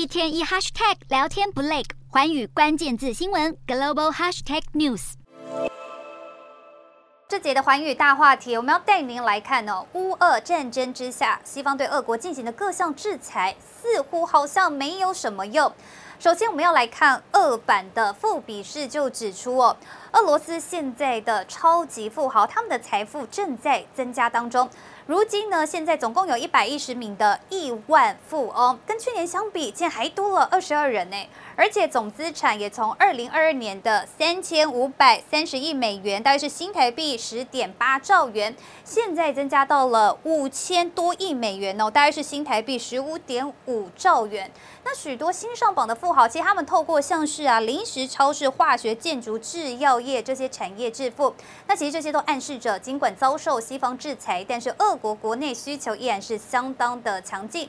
一天一 hashtag 聊天不累，寰宇關鍵字新聞 global hashtag news。這節的寰宇大話題，我們要帶您來看呢、哦。烏俄戰爭之下，西方對俄國進行的各項制裁，似乎好像沒有什麼用。首先，我們要來看俄版的富比士就指出哦，俄羅斯現在的超級富豪，他們的財富正在增加當中。如今呢，現在總共有一百一十名的億萬富翁，跟去年相比，竟然還多了二十二人呢、哎。而且總資產也從二零二二年的三千五百三十億美元，大概是新台幣十點八兆元，現在增加到了五千多億美元哦，大概是新台幣十五點五兆元。那許多新上榜的富好，其實他們透過像是啊，零食、超市、化學、建築、制藥業這些產業致富。那其實這些都暗示着，儘管遭受西方制裁，但是俄國國內需求依然是相當的強勁。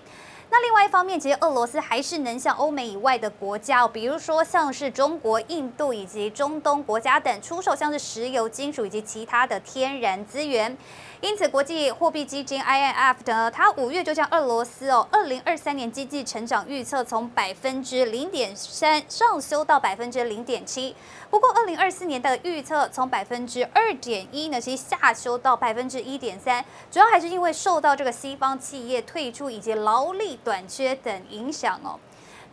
那另外一方面，其實俄羅斯還是能向歐美以外的國家，哦，比如說像是中國、印度以及中東國家等，出售像是石油、金屬以及其他的天然資源。因此，國際貨幣基金 IMF 的它五月就將俄羅斯哦，二零二三年經濟成長預測從百分之零點三上修到百分之零點七。不過，二零二四年的預測從百分之二點一呢，其實下修到百分之一點三，主要還是因為受到這個西方企業退出以及勞力。短缺等影響哦。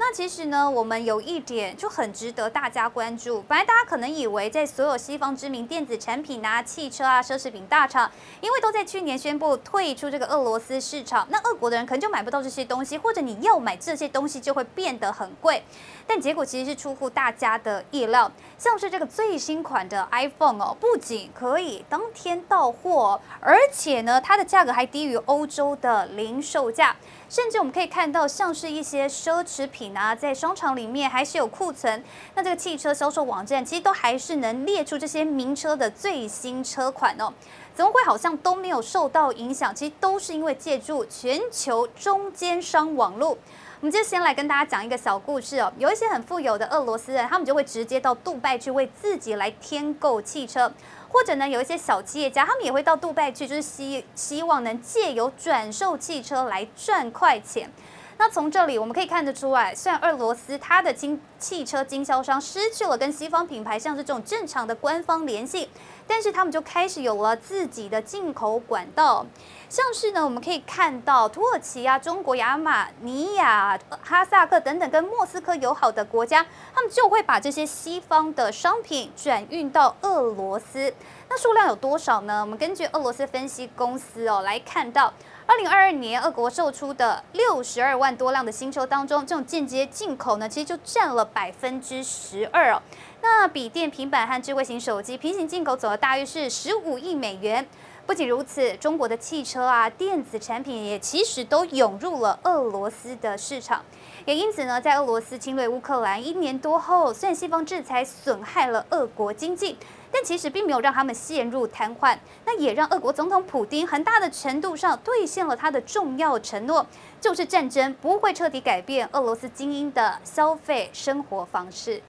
那其實呢，我們有一點就很值得大家關注。本來大家可能以為，在所有西方知名電子產品啊、汽車啊、奢侈品大廠，因為都在去年宣布退出這個俄羅斯市場，那俄國的人可能就買不到這些東西，或者你要買這些東西就會變得很貴。但結果其實是出乎大家的意料，像是這個最新款的 iPhone 哦，不僅可以當天到貨哦，而且呢，它的價格還低於歐洲的零售價，甚至我們可以看到，像是一些奢侈品。那在商場裡面還是有庫存，那這個汽車銷售網站其實都還是能列出這些名車的最新車款哦，怎麼會好像都沒有受到影響？其實都是因為借助全球中間商網絡。我們就先來跟大家講一個小故事哦、喔，有一些很富有的俄羅斯人，他們就會直接到杜拜去為自己來添購汽車，或者呢，有一些小企業家，他們也會到杜拜去，就是希希望能借由轉售汽車來賺快錢。那從這裡我們可以看得出來，雖然俄羅斯它的經汽車經銷商失去了跟西方品牌像是這種正常的官方聯繫，但是他們就開始有了自己的進口管道。像是呢，我們可以看到土耳其啊、中國、亞美尼亞、哈薩克等等跟莫斯科友好的國家，他們就會把這些西方的商品轉運到俄羅斯。那數量有多少呢？我們根據俄羅斯分析公司哦、喔、來看到。二零二二年，俄國售出的六十二萬多輛的新車當中，這種間接進口呢，其實就佔了百分之十二哦。那筆電、平板和智慧型手機平行進口總額大約是十五億美元。不僅如此，中國的汽車啊、電子產品也其實都湧入了俄羅斯的市場。也因此呢，在俄羅斯侵略烏克蘭一年多後，雖然西方制裁損害了俄國經濟，但其實並沒有讓他們陷入癱瘓。那也讓俄國總統普丁很大的程度上兌現了他的重要承諾，就是戰爭不會徹底改變俄羅斯精英的消費生活方式。